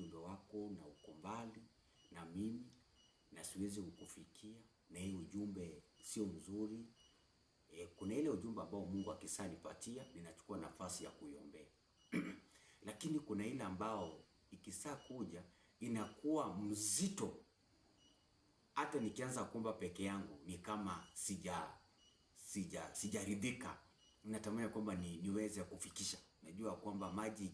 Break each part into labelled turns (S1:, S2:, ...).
S1: ujumbe wako na uko mbali na mimi na siwezi kukufikia, na hii ujumbe sio mzuri e, kuna ile ujumbe ambao Mungu akisanipatia ninachukua nafasi ya kuiombea lakini kuna ile ambao ikisaa kuja inakuwa mzito, hata nikianza kuomba peke yangu ni kama sija sija sijaridhika. Natamani kwamba ni, niweze kufikisha. Najua kwamba maji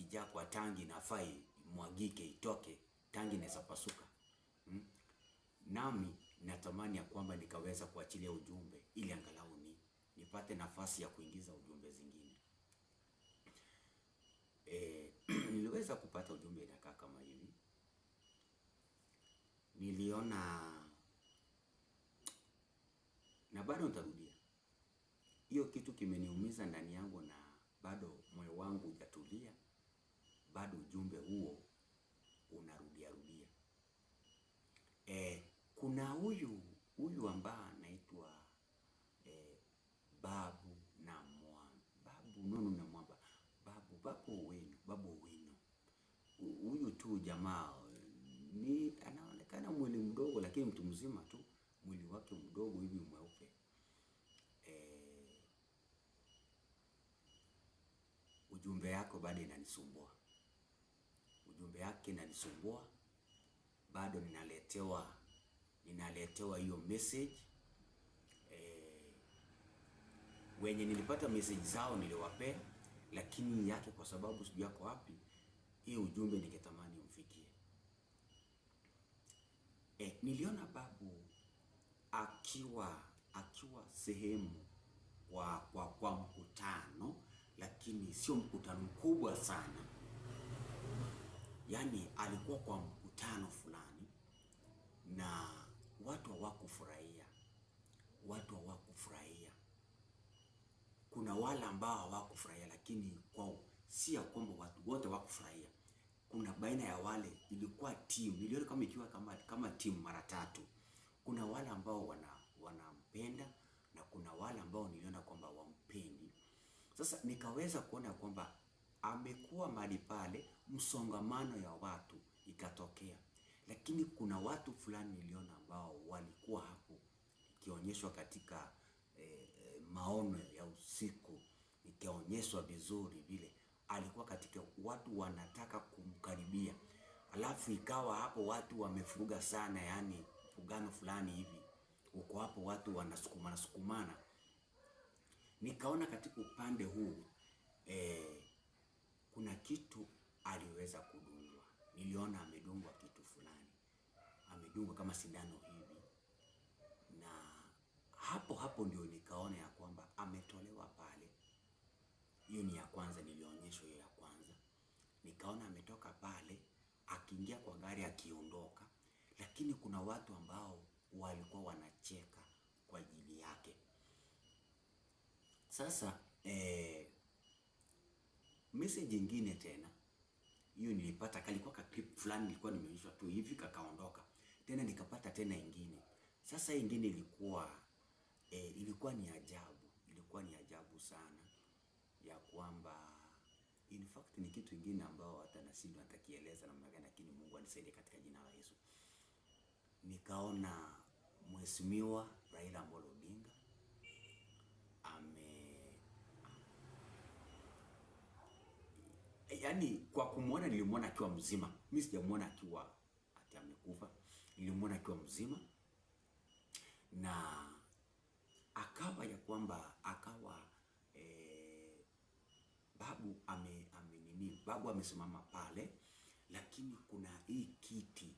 S1: kijaa kwa tangi nafai imwagike, itoke, tangi inaweza pasuka hmm? Nami natamani ya kwamba nikaweza kuachilia ujumbe ili angalau ni nipate nafasi ya kuingiza ujumbe zingine. E, niliweza kupata ujumbe inakaa kama hivi. Niliona na bado nitarudia hiyo kitu, kimeniumiza ndani yangu na huyu ambaye anaitwa eh, babu na mwana babu nono na babu babu wenu babu wenu, huyu tu jamaa ni anaonekana mwili mdogo, lakini mtu mzima tu, mwili wake mdogo hivi mweupe eh, ujumbe yako bado inanisumbua, ujumbe yake inanisumbua bado, ninaletewa inaletewa hiyo message e, wenye nilipata message zao niliwapea, lakini yake kwa sababu sijui yako wapi, hii ujumbe ningetamani umfikie. E, niliona babu akiwa akiwa sehemu kwa, kwa, kwa mkutano lakini sio mkutano mkubwa sana, yaani alikuwa kwa mkutano fulani na watu hawakufurahia, watu hawakufurahia. Kuna wale ambao hawakufurahia, lakini kwao si ya kwamba watu wote hawakufurahia. Kuna baina ya wale ilikuwa timu, niliona kama ikiwa kama, kama timu mara tatu. Kuna wale ambao wana wanampenda na kuna wale ambao niliona kwamba wampendi. Sasa nikaweza kuona kwamba amekuwa mahali pale, msongamano ya watu ikatokea lakini kuna watu fulani niliona ambao walikuwa hapo ikionyeshwa katika eh, eh maono ya usiku, ikionyeshwa vizuri vile alikuwa katika watu wanataka kumkaribia, alafu ikawa hapo watu wamefuruga sana, yani fugano fulani hivi uko hapo, watu wanasukumana sukumana. Nikaona katika upande huu eh, kuna kitu aliweza kudungwa, niliona amedungwa nimedungwa kama sindano hivi, na hapo hapo ndio nikaona ya kwamba ametolewa pale. Hiyo ni ya kwanza nilionyeshwa, hiyo ya kwanza nikaona ametoka pale akiingia kwa gari akiondoka, lakini kuna watu ambao walikuwa wanacheka kwa ajili yake. Sasa eh, message nyingine tena hiyo nilipata, kalikuwa ka clip fulani nilikuwa nimeonyeshwa tu hivi, kakaondoka tena nikapata tena ingine. Sasa ingine ilikuwa e, ilikuwa ni ajabu, ilikuwa ni ajabu sana ya kwamba in fact ni kitu ingine ambao hata nashindwa atakieleza namna gani, lakini Mungu anisaidie katika jina la Yesu. Nikaona Mheshimiwa Raila Amolo Odinga ame yaani, kwa kumwona nilimwona akiwa mzima, mimi sijamwona akiwa ati amekufa nilimwona akiwa mzima na akawa ya kwamba akawa e, babu ame, ame nini, babu amesimama pale, lakini kuna hii kiti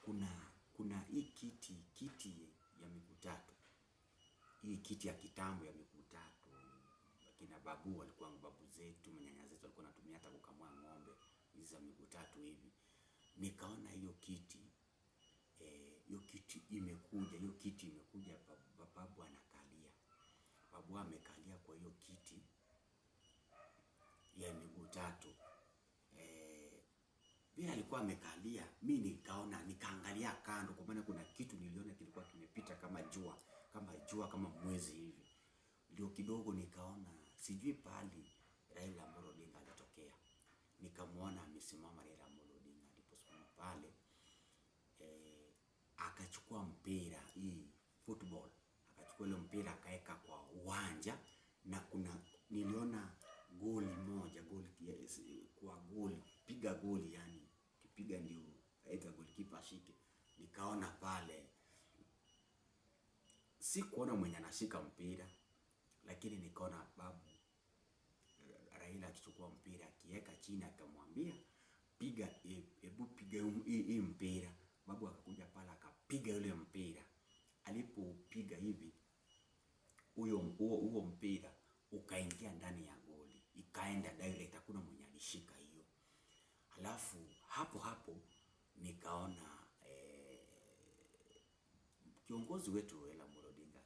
S1: kuna kuna hii kiti kiti ya miguu tatu, hii kiti ya kitambo ya miguu tatu. Kina babu walikuwa babu zetu manyanya zetu walikuwa natumia hata kukamua ng'ombe hizi za miguu tatu hivi. Nikaona hiyo kiti Eh, hiyo e, kiti imekuja, hiyo kiti imekuja, babu anakalia, babu amekalia kwa hiyo kiti ya miguu tatu eh, e, vile alikuwa amekalia, mi nikaona nikaangalia kando, kwa maana kuna kitu niliona kilikuwa kimepita kama jua kama jua kama mwezi hivi, ndio kidogo nikaona, sijui pahali Raila Amolo Odinga alitokea, nikamwona amesimama Raila Amolo Odinga aliposimama pale akachukua mpira hii football, akachukua ile mpira akaweka kwa uwanja, na kuna niliona goli moja goli kwa goli piga goli, yani kipiga ndio aita goalkeeper shike, Nikaona pale, si kuona mwenye anashika mpira, lakini nikaona babu Raila akichukua mpira akiweka chini, akamwambia piga, e, hebu piga hii mpira piga yule mpira. Alipoupiga hivi, huyo huo mpira ukaingia ndani ya goli, ikaenda direct, hakuna mwenye alishika hiyo. Alafu hapo hapo nikaona eh, kiongozi wetu Raila Amolo Odinga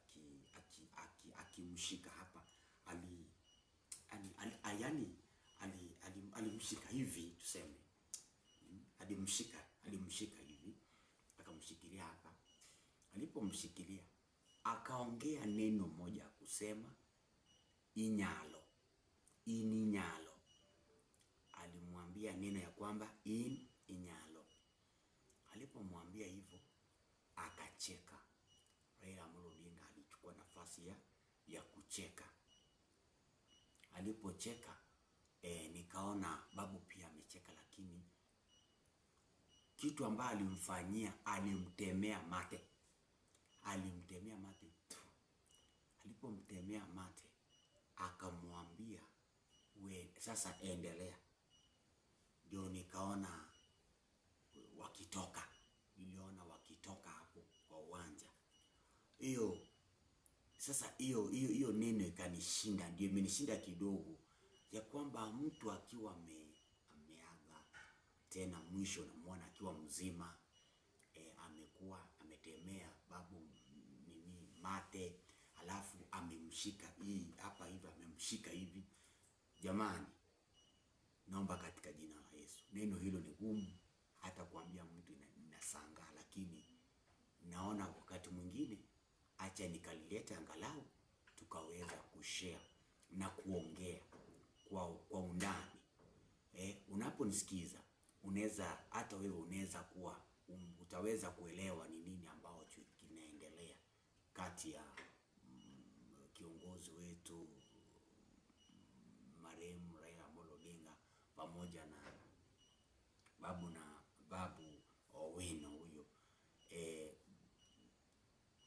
S1: akimshika aki, aki, hapa ali yani alimshika ali, ali, ali hivi tuseme, alimshika alimshika alipomshikilia akaongea neno moja kusema inyalo, ininyalo. Alimwambia neno ya kwamba in inyalo. Alipomwambia hivyo akacheka. Raila Amolo Odinga alichukua nafasi ya, ya kucheka. Alipocheka e, nikaona babu pia amecheka, lakini kitu ambayo alimfanyia alimtemea mate alimtemea mate tu. Alipomtemea mate akamwambia, we sasa endelea. Ndio nikaona wakitoka, niliona wakitoka hapo kwa uwanja hiyo. Sasa hiyo hiyo hiyo neno ikanishinda, ndio imenishinda kidogo ya kwamba mtu akiwa ame, ameaga tena mwisho namwona akiwa mzima e, amekuwa ametemea babu mate, alafu amemshika hii hapa hivi, amemshika hivi. Jamani, naomba katika jina la Yesu, neno hilo ni gumu hata kuambia mtu inasangaa, lakini naona wakati mwingine, acha nikalileta angalau tukaweza kushare na kuongea kwa, kwa undani eh. Unaponisikiza unaweza hata wewe unaweza kuwa um, utaweza kuelewa ni nini ambacho kati ya mm, kiongozi wetu marehemu Raila Amolo Odinga pamoja na babu na babu Owino huyo e,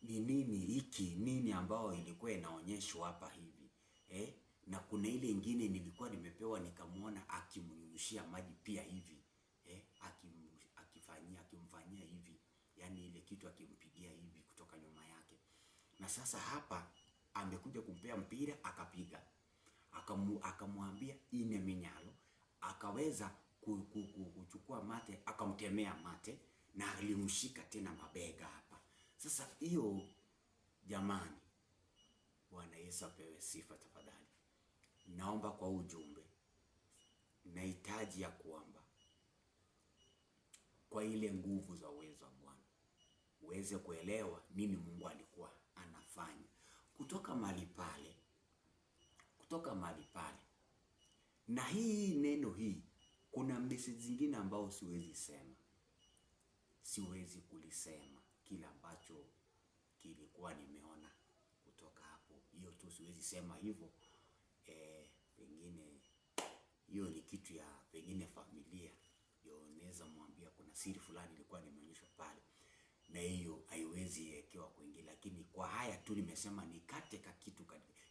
S1: ni nini hiki nini ambayo ilikuwa inaonyeshwa hapa hivi e? na kuna ile ingine nilikuwa nimepewa nikamwona akimnyunyushia maji pia hivi eh, akimfanyia akimfanyia hivi, yani ile kitu akimpiga na sasa hapa amekuja kumpea mpira akapiga, akamwambia ine minyalo, akaweza kuchukua mate akamtemea mate na alimshika tena mabega hapa. Sasa hiyo jamani, Bwana Yesu apewe sifa. Tafadhali naomba kwa ujumbe, nahitaji ya kuomba kwa ile nguvu za uwezo wa Bwana uweze kuelewa nini Mungu alikuwa kufanya kutoka mahali pale, kutoka mahali pale. Na hii neno hii, kuna message zingine ambao siwezi sema, siwezi kulisema kila ambacho kilikuwa nimeona kutoka hapo. Hiyo tu siwezi sema hivyo e, pengine hiyo ni kitu ya pengine familia ndio naweza mwambia, kuna siri fulani ilikuwa nimeonyeshwa pale na hiyo haiwezi ekewa kwingi, lakini kwa haya tu nimesema nikate ka kitu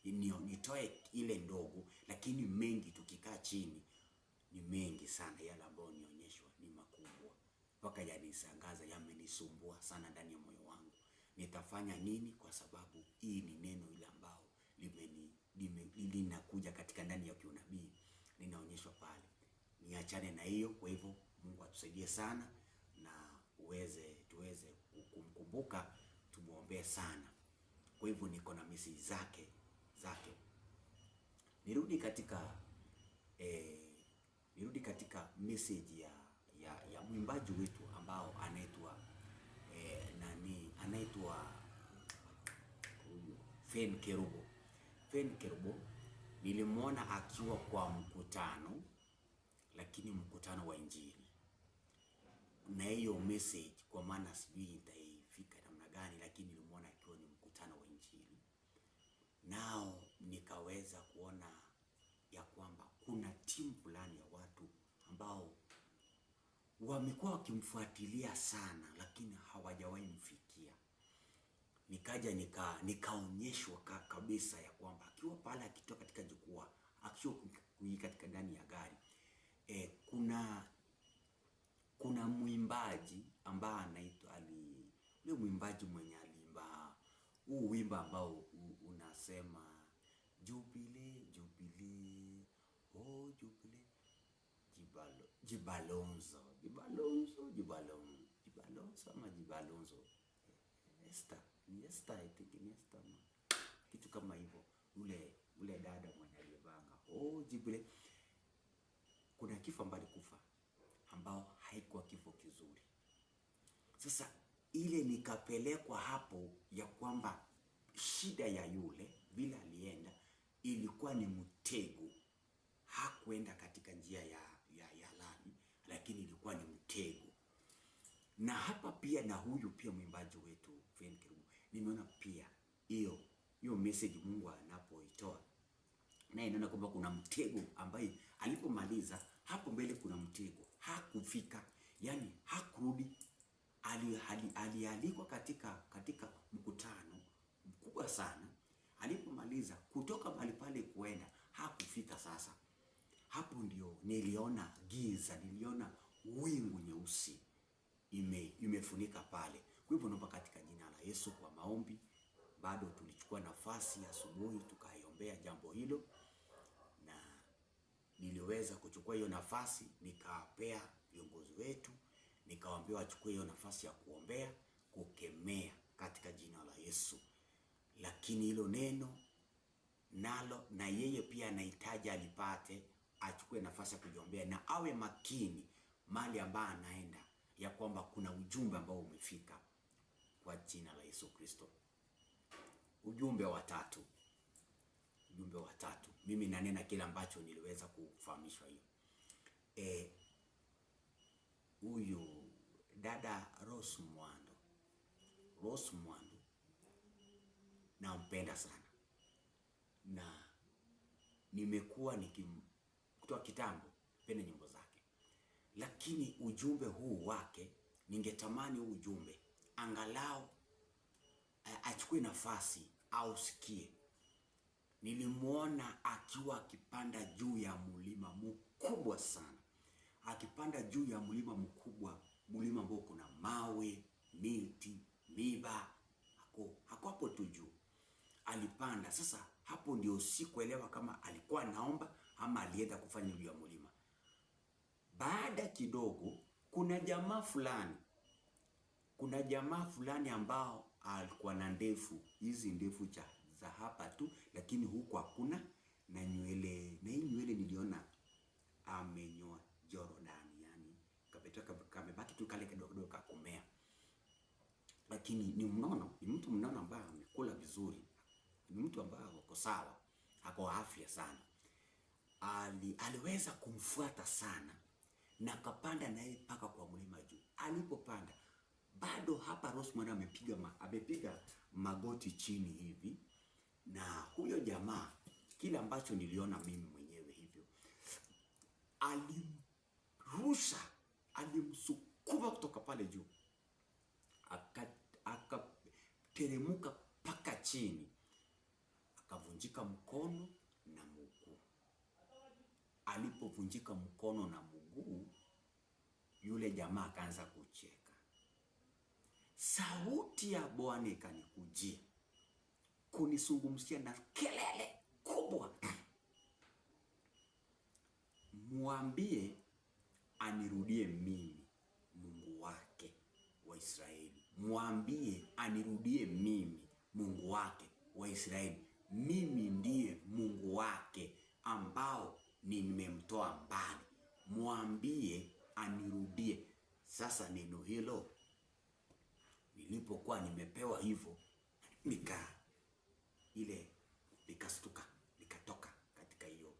S1: nio, nitoe ile ndogo, lakini mengi tukikaa chini ni mengi sana, yale ambayo nionyeshwa ni makubwa mpaka yanisangaza, yamenisumbua sana ndani ya moyo wangu. Nitafanya nini? Kwa sababu hii ni neno ile ambao limeni linakuja katika ndani ya kiunabii, linaonyeshwa pale, niachane na hiyo. Kwa hivyo Mungu atusaidie sana na uweze tuweze kumkumbuka, tumwombee sana. Kwa hivyo niko na message zake zake. Nirudi katika eh, nirudi katika message ya ya, ya mwimbaji wetu ambao anaitwa eh, nani anaitwa Fen Kerubo. Fen Kerubo nilimwona akiwa kwa mkutano, lakini mkutano wa Injili na hiyo message, kwa maana sijui gani, lakini nilimwona akiwa ni mkutano wa Injili, nao nikaweza kuona ya kwamba kuna timu fulani ya watu ambao wamekuwa wakimfuatilia sana, lakini hawajawahi mfikia. Nikaja nika nikaonyeshwa kabisa ya kwamba akiwa pale akitoka katika jukwaa akiwa katika ndani ya gari e, kuna kuna mwimbaji ambaye anaitwa ali ni mwimbaji mwenye aliimba huu wimbo ambao unasema Jubile, Jubile, oh Jubile, Jibalo, Jibalonzo, Jibalonzo, Jibalonzo, Jibalonzo ama Jibalonzo. Esther, ni Esther, I think ni Esther ma. Kitu kama hivyo. Ule ule dada mwenye alivanga. Oh Jubile. Kuna kifo ambacho kufa ambao haikuwa kifo kizuri. Sasa ile nikapelekwa hapo ya kwamba shida ya yule vile alienda ilikuwa ni mtego. Hakuenda katika njia ya, ya, ya lami, lakini ilikuwa ni mtego. Na hapa pia na huyu pia mwimbaji wetu Feni Kirubu nimeona pia hiyo hiyo message Mungu anapoitoa naye, naona kwamba kuna mtego ambaye alipomaliza hapo mbele, kuna mtego hakufika, yani hakurudi alialikwa ali, ali katika, katika mkutano mkubwa sana. Alipomaliza kutoka mahali pale kuenda hakufika. Sasa hapo ndio niliona giza, niliona wingu nyeusi ime, imefunika pale. Kwa hivyo naomba katika jina la Yesu kwa maombi. Bado tulichukua nafasi asubuhi tukaiombea jambo hilo, na niliweza kuchukua hiyo nafasi nikawapea viongozi wetu Nikawaambia wachukue hiyo nafasi ya kuombea, kukemea katika jina la Yesu. Lakini hilo neno nalo na yeye pia anahitaji alipate, achukue nafasi ya kujiombea na awe makini mali ambayo anaenda, ya kwamba kuna ujumbe ambao umefika kwa jina la Yesu Kristo. Ujumbe wa tatu, ujumbe wa tatu, mimi nanena kile ambacho niliweza kufahamishwa hiyo e, huyu dada Rose mwando Rose Muhando nampenda sana na nimekuwa nikimtoa kitambo pende nyimbo zake, lakini ujumbe huu wake ningetamani huu ujumbe angalau achukue nafasi au sikie. Nilimwona akiwa akipanda juu ya mlima mkubwa sana akipanda juu ya mlima mkubwa, mlima ambao kuna mawe, miti, miba, hako hako hapo tu juu alipanda. Sasa hapo ndio sikuelewa kama alikuwa anaomba ama alienda kufanya juu ya mlima. Baada kidogo, kuna jamaa fulani, kuna jamaa fulani ambao alikuwa na ndefu hizi ndefu cha za hapa tu, lakini huku hakuna na nywele, na hii nywele niliona amenyoa kamebaki tu kale kidogo kidogo kakomea, lakini ni mnono, ni mtu mnono ambaye amekula vizuri, ni mtu ambaye ako sawa, ako afya sana. Ali, aliweza kumfuata sana na kapanda naye mpaka kwa mlima juu. Alipopanda bado hapa Rosemary amepiga ma, amepiga magoti chini hivi, na huyo jamaa, kile ambacho niliona mimi mwenyewe hivyo, alimrusha alimsukuma kutoka pale juu akateremuka aka mpaka chini akavunjika mkono na mguu. Alipovunjika mkono na mguu, yule jamaa akaanza kucheka. Sauti ya Bwana ikanikujia kunisungumzia na kelele kubwa, mwambie anirudie mimi Mungu wake wa Israeli. Mwambie anirudie mimi Mungu wake wa Israeli. Mimi ndiye Mungu wake ambao nimemtoa mbali. Mwambie anirudie. Sasa neno hilo nilipokuwa nimepewa hivyo, nika ile nikastuka, nikatoka katika hiyo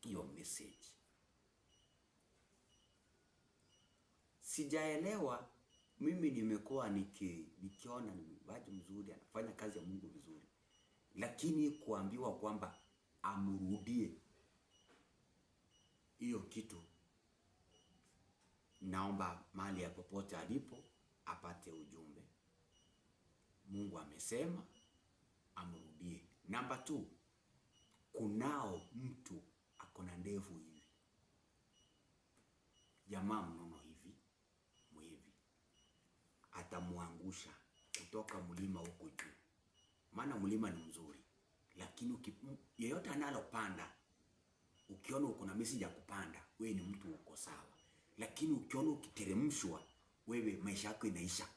S1: hiyo message. sijaelewa mimi nimekuwa niki, nikiona ni mwimbaji mzuri anafanya kazi ya Mungu vizuri, lakini kuambiwa kwamba amrudie hiyo kitu, naomba mahali ya popote alipo apate ujumbe. Mungu amesema amrudie. Namba tu, kunao mtu akona ndevu hivi jamaa atamwangusha kutoka mlima huko juu, maana mlima ni mzuri, lakini yeyote analopanda, ukiona uko na message ya kupanda, wewe ni mtu uko sawa, lakini ukiona ukiteremshwa, wewe maisha yako inaisha.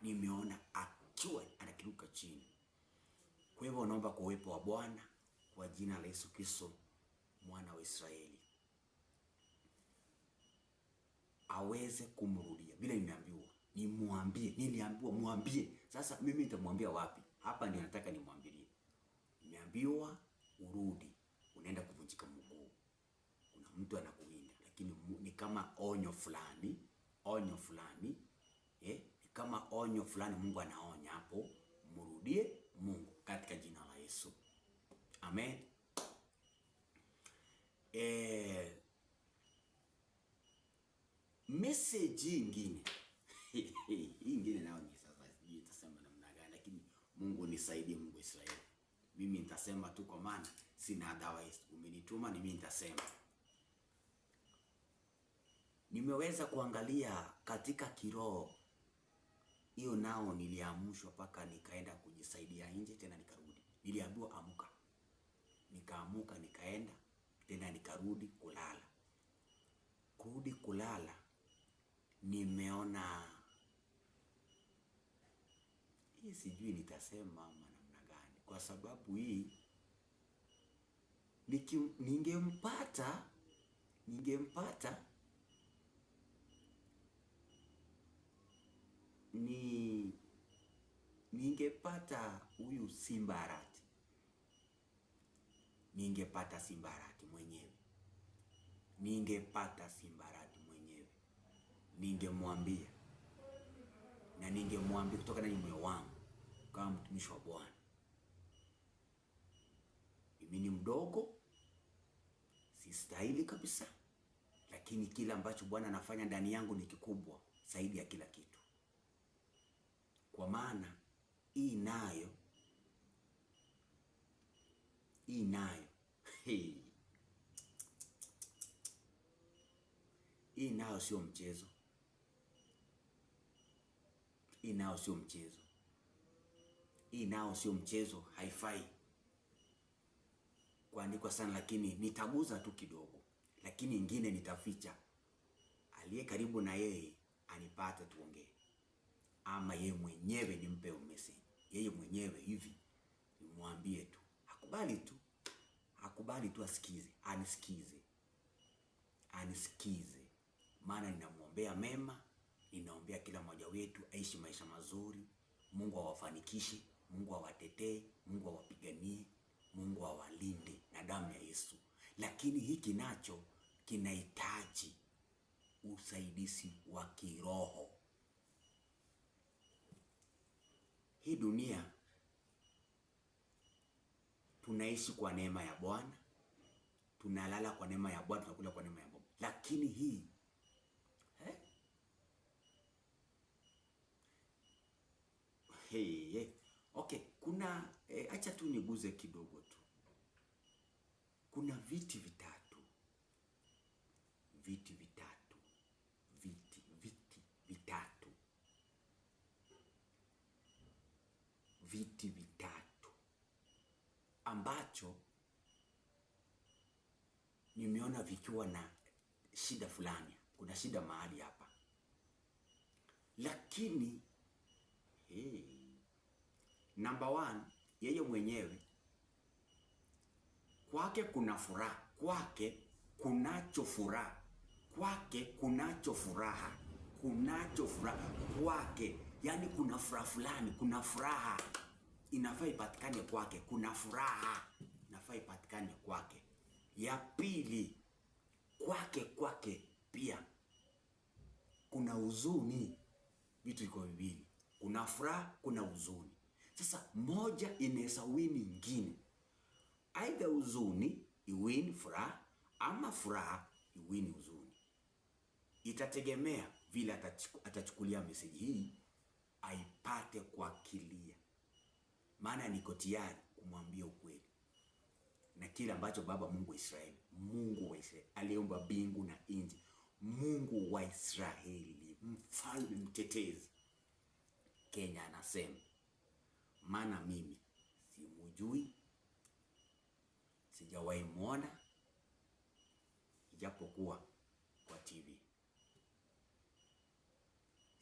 S1: Nimeona akiwa anakiruka chini. Kwa hivyo naomba kwa uwepo wa Bwana kwa jina la Yesu Kristo mwana wa Israeli aweze kumrudia, bila nimeambiwa nimwambie. Niliambiwa mwambie. Sasa mimi nitamwambia wapi? Hapa ndio nataka nimwambilie. Nimeambiwa urudi, unaenda kuvunjika mguu, kuna mtu anakuinda, lakini ni kama onyo fulani, onyo fulani eh, ni kama onyo fulani. Mungu anaonya hapo, mrudie Mungu katika jina la Yesu, amen. Eh, message nyingine hii ingine nayo ni sasa, sijui nitasema namna gani, lakini Mungu nisaidie, Mungu Israeli. Mimi nitasema tu kwa maana sina otherwise. Umenituma ni mimi nitasema. Nimeweza kuangalia katika kiroho hiyo, nao niliamshwa mpaka nikaenda kujisaidia nje, tena nikarudi. Niliambiwa amuka, nikaamuka, nikaenda tena nikarudi kulala. Kurudi kulala, nimeona hii sijui nitasema ama namna gani, kwa sababu hii niki, ningempata ningempata ni ningepata huyu Simbarati, ningepata Simbarati mwenyewe, ningepata Simbarati mwenyewe, ningemwambia na ningemwambia kutoka na moyo wangu mtumishi wa Bwana. Mimi ni mdogo, sistahili kabisa, lakini kile ambacho Bwana anafanya ndani yangu ni kikubwa zaidi ya kila kitu, kwa maana hii nayo hii nayo hii nayo sio mchezo, hii nayo sio mchezo. Hii nao sio mchezo, haifai kuandikwa sana, lakini nitaguza tu kidogo, lakini ingine nitaficha. Aliye karibu na yeye anipate tuongee, ama yeye mwenyewe nimpe message, yeye mwenyewe hivi nimwambie tu, akubali tu, akubali tu, asikize, anisikize, anisikize, maana ninamwombea mema, ninaombea kila mmoja wetu aishi maisha mazuri, Mungu awafanikishe. Mungu awatetee, Mungu awapiganie, Mungu awalinde na damu ya Yesu. Lakini hiki nacho kinahitaji usaidizi wa kiroho. Hii dunia tunaishi kwa neema ya Bwana, tunalala kwa neema ya Bwana, tunakula kwa neema ya Bwana, lakini hii eh? Hey, hey. Okay, kuna e, acha tu niguze kidogo tu. Kuna viti vitatu, viti vitatu, viti viti vitatu, viti vitatu ambacho nimeona vikiwa na shida fulani. Kuna shida mahali hapa, lakini hey, Number one, yeye mwenyewe kwake kuna furaha, kwake kunacho furaha, kwake kunacho furaha, kunacho furaha kwake, yani kuna furaha fulani, kuna furaha inafaa ipatikane kwake, kuna furaha inafaa ipatikane kwake. Ya pili, kwake kwake pia kuna huzuni, vitu iko viwili, kuna furaha, kuna huzuni. Sasa moja inaweza win nyingine, aidha huzuni iwin furaha ama furaha iwin huzuni. Itategemea vile atachukulia meseji hii, aipate kwa kilia, maana niko tayari kumwambia ukweli na kile ambacho Baba Mungu wa Israeli, Mungu wa Israeli aliyeumba mbingu na nchi, Mungu wa Israeli, mfalme mtetezi, Kenya anasema maana mimi simujui, sijawahi muona ijapokuwa kwa TV.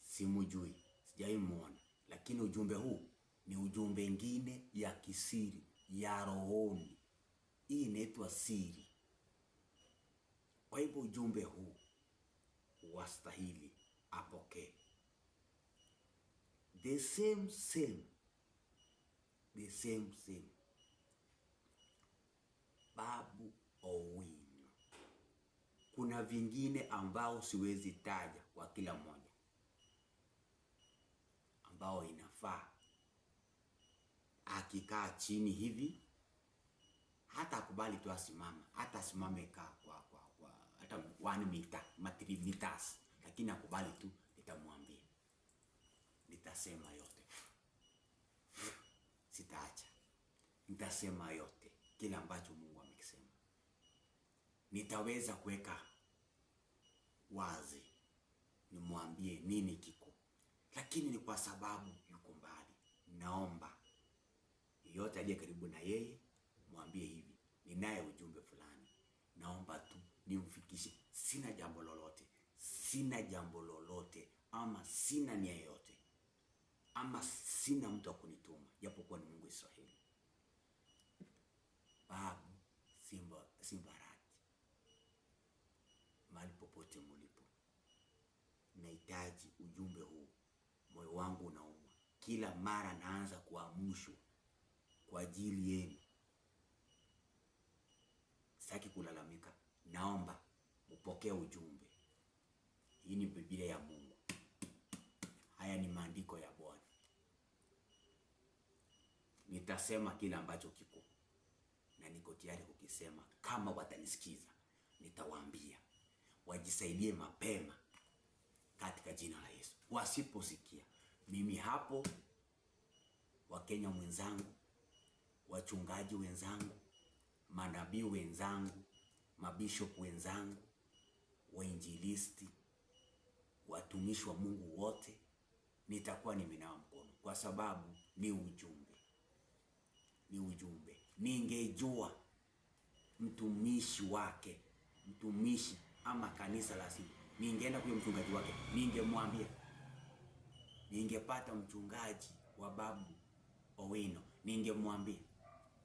S1: Simujui, sijawahi muona, lakini ujumbe huu ni ujumbe ngine ya kisiri ya rohoni. Hii inaitwa siri. Kwa hivyo ujumbe huu wastahili apokee the same same the same thing. Babu Owino. Kuna vingine ambao siwezi taja kwa kila mmoja, ambao inafaa akikaa chini hivi, hata akubali tu asimama, hata asimame kaa kwa, kwa, kwa hata one meter, matri meters, lakini akubali tu, nitamwambia nitasema yote sitaacha, nitasema yote kila ambacho Mungu amekisema, nitaweza kuweka wazi, nimwambie nini kiko, lakini ni kwa sababu yuko mbali. Naomba yeyote aliye karibu na yeye mwambie hivi, ninaye ujumbe fulani, naomba tu nimfikishe. Sina jambo lolote, sina jambo lolote, ama sina nia yoyote, ama sina mtu wa kunituma japokuwa ni Mungu Israeli. Babu Simba, Simbarati, mahali popote mulipo, nahitaji ujumbe huu. Moyo wangu unauma kila mara, naanza kuamshwa kwa ajili yenu. Sitaki kulalamika, naomba mupokee ujumbe. Hii ni Biblia ya Mungu, haya ni maandiko ya nitasema kile ambacho kiko na niko tayari kukisema. Kama watanisikiza, nitawaambia wajisaidie mapema katika jina la Yesu. Wasiposikia mimi hapo, Wakenya mwenzangu, wachungaji wenzangu, manabii wenzangu, mabishop wenzangu, wainjilisti, watumishi wa Mungu wote, nitakuwa nimenawa mkono, kwa sababu ni ujumbe ni ujumbe. Ningejua mtumishi wake, mtumishi ama kanisa la simu, ningeenda kwa mchungaji wake, ningemwambia, ningepata mchungaji wa babu Owino, ningemwambia,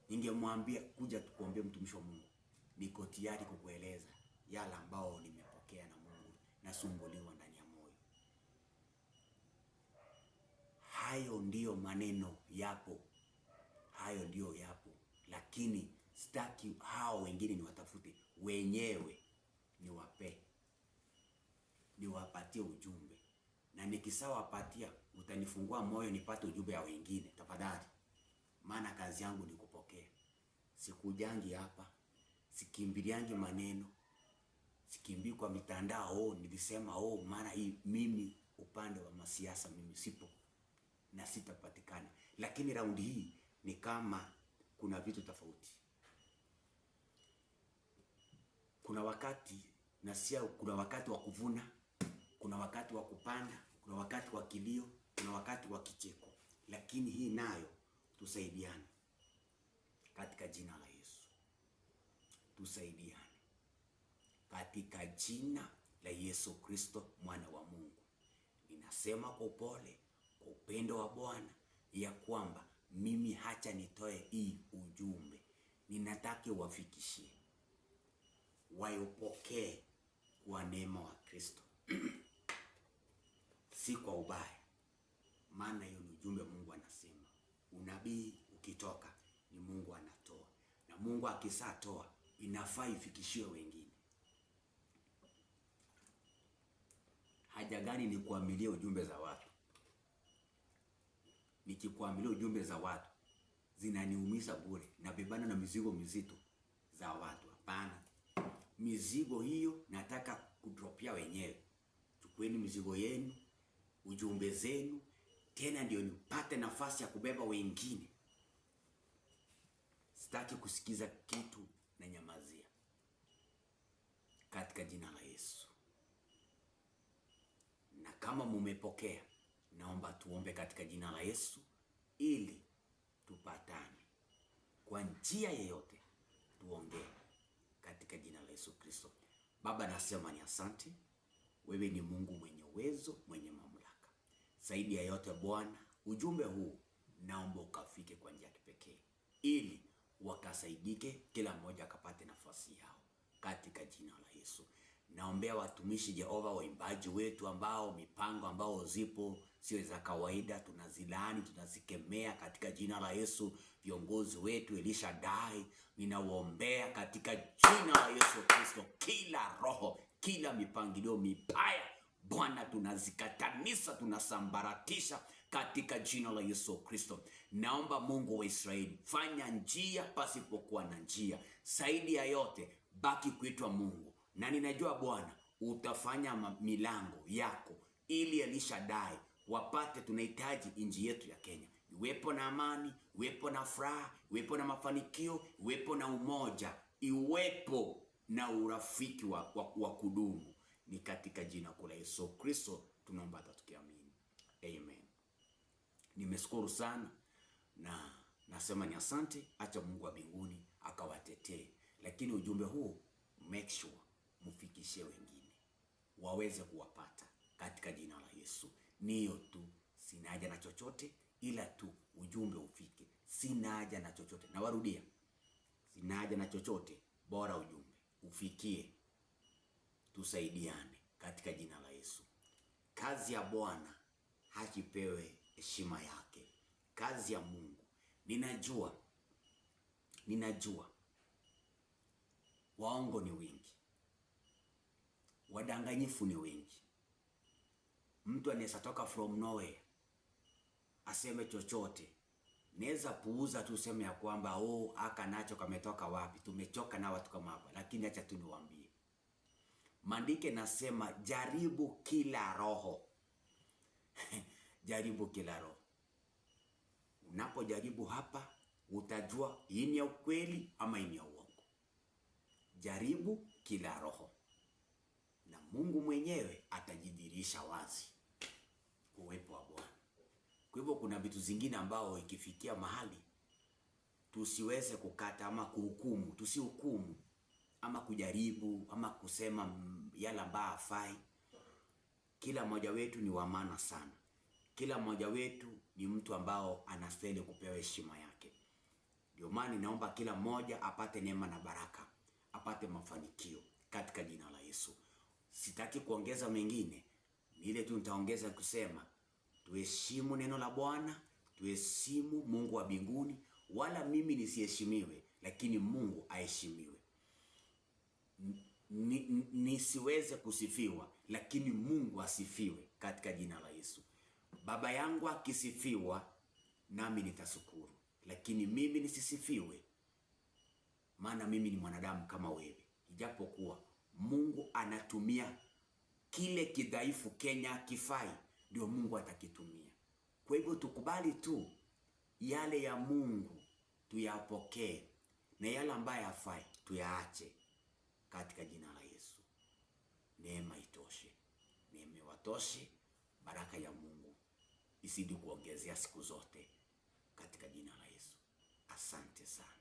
S1: ningemwambia kuja tukuombee, mtumishi wa Mungu, niko tayari kukueleza yala ambao nimepokea na Mungu, nasumbuliwa ndani ya moyo. Hayo ndiyo maneno yapo hayo ndio yapo, lakini sitaki hao wengine niwatafute, wenyewe niwape, niwapatie ujumbe, na nikisawapatia utanifungua moyo nipate ujumbe ya wengine tafadhali, maana kazi yangu ni kupokea. Sikujangi hapa, sikimbiliangi maneno, sikimbii kwa mitandao oh, nilisema oh, maana hii mimi upande wa masiasa mimi sipo na sitapatikana, lakini raundi hii ni kama kuna vitu tofauti. Kuna wakati na sia, kuna wakati wa kuvuna, kuna wakati wa kupanda, kuna wakati wa kilio, kuna wakati wa kicheko, lakini hii nayo tusaidiane katika jina la Yesu, tusaidiane katika jina la Yesu Kristo mwana wa Mungu. Ninasema kwa upole, kwa upendo wa Bwana ya kwamba mimi hacha nitoe hii ujumbe, ninataka wafikishie wayopokee kwa neema wa Kristo si kwa ubaya. Maana hiyo ni ujumbe Mungu anasema, unabii ukitoka ni Mungu anatoa, na Mungu akisatoa inafaa ifikishiwe wengine. Haja gani ni kuamilia ujumbe za watu? nikikuamilia ujumbe za watu zinaniumiza bure, nabebana na mizigo mizito za watu. Hapana, mizigo hiyo nataka kudropia wenyewe. Chukueni mizigo yenu, ujumbe zenu, tena ndio nipate nafasi ya kubeba wengine. Sitaki kusikiza kitu na nyamazia, katika jina la Yesu. Na kama mumepokea Naomba tuombe katika jina la Yesu ili tupatane kwa njia yeyote, tuongee katika jina la Yesu Kristo. Baba, nasema ni asante. Wewe ni Mungu mwenye uwezo, mwenye mamlaka. Zaidi ya yote Bwana, ujumbe huu naomba ukafike kwa njia ya kipekee, ili wakasaidike, kila mmoja akapate nafasi Naombea watumishi Jehova, waimbaji wetu ambao mipango ambao zipo sio za kawaida, tunazilaani tunazikemea katika jina la Yesu. Viongozi wetu Elisha Dai, ninawaombea katika jina la Yesu Kristo. Kila roho, kila mipangilio mipaya Bwana, tunazikatanisa tunasambaratisha katika jina la Yesu Kristo. Naomba Mungu wa Israeli, fanya njia pasipokuwa na njia. Zaidi ya yote, baki kuitwa Mungu na ninajua Bwana utafanya milango yako ili dai wapate. Tunahitaji nji yetu ya Kenya iwepo na amani, iwepo na furaha, iwepo na mafanikio, iwepo na umoja, iwepo na urafiki wa, wa, wa kudumu. Ni katika jina kula Yesu Kristo tunaomba hata amen. Nimeshukuru sana na nasema ni asante. Acha Mungu wa mbinguni akawatetee, lakini ujumbe huu make sure mfikishie wengine waweze kuwapata katika jina la Yesu. Niyo tu, sina haja na chochote, ila tu ujumbe ufike. Sina haja na chochote, nawarudia, sina haja na chochote, bora ujumbe ufikie, tusaidiane katika jina la Yesu. Kazi ya Bwana hakipewe heshima yake, kazi ya Mungu. Ninajua, ninajua waongo ni wingi Wadanganyifu ni wengi. Mtu anaweza toka from nowhere aseme chochote, naweza puuza tu useme ya kwamba oh, aka nacho kametoka wapi? Tumechoka na watu kama hapa, lakini acha tu niwaambie, maandike nasema jaribu kila roho jaribu kila roho. Unapojaribu hapa utajua hii ni ya ukweli ama hii ni ya uongo. Jaribu kila roho. Mungu mwenyewe atajidhihirisha wazi uwepo wa Bwana. Kwa hivyo kuna vitu zingine ambao ikifikia mahali tusiweze kukata ama kuhukumu, tusihukumu ama kujaribu ama kusema mm, yala ambayo hafai. Kila mmoja wetu ni wa maana sana, kila mmoja wetu ni mtu ambao anastahili kupewa heshima yake. Ndio maana naomba kila mmoja apate neema na baraka, apate mafanikio katika jina la Yesu sitaki kuongeza mengine, ile tu nitaongeza kusema tuheshimu neno la Bwana, tuheshimu Mungu wa mbinguni, wala mimi nisiheshimiwe, lakini Mungu aheshimiwe, nisiweze kusifiwa, lakini Mungu asifiwe, katika jina la Yesu. Baba yangu akisifiwa, nami nitashukuru, lakini mimi nisisifiwe, maana mimi ni mwanadamu kama wewe, ijapokuwa Mungu anatumia kile kidhaifu Kenya kifai, ndio Mungu atakitumia. Kwa hivyo tukubali tu yale ya Mungu tuyapokee, na yale ambayo hafai tuyaache, katika jina la Yesu. Neema itoshe, neema watoshe baraka ya Mungu isidi kuongezea siku zote, katika jina la Yesu. Asante sana.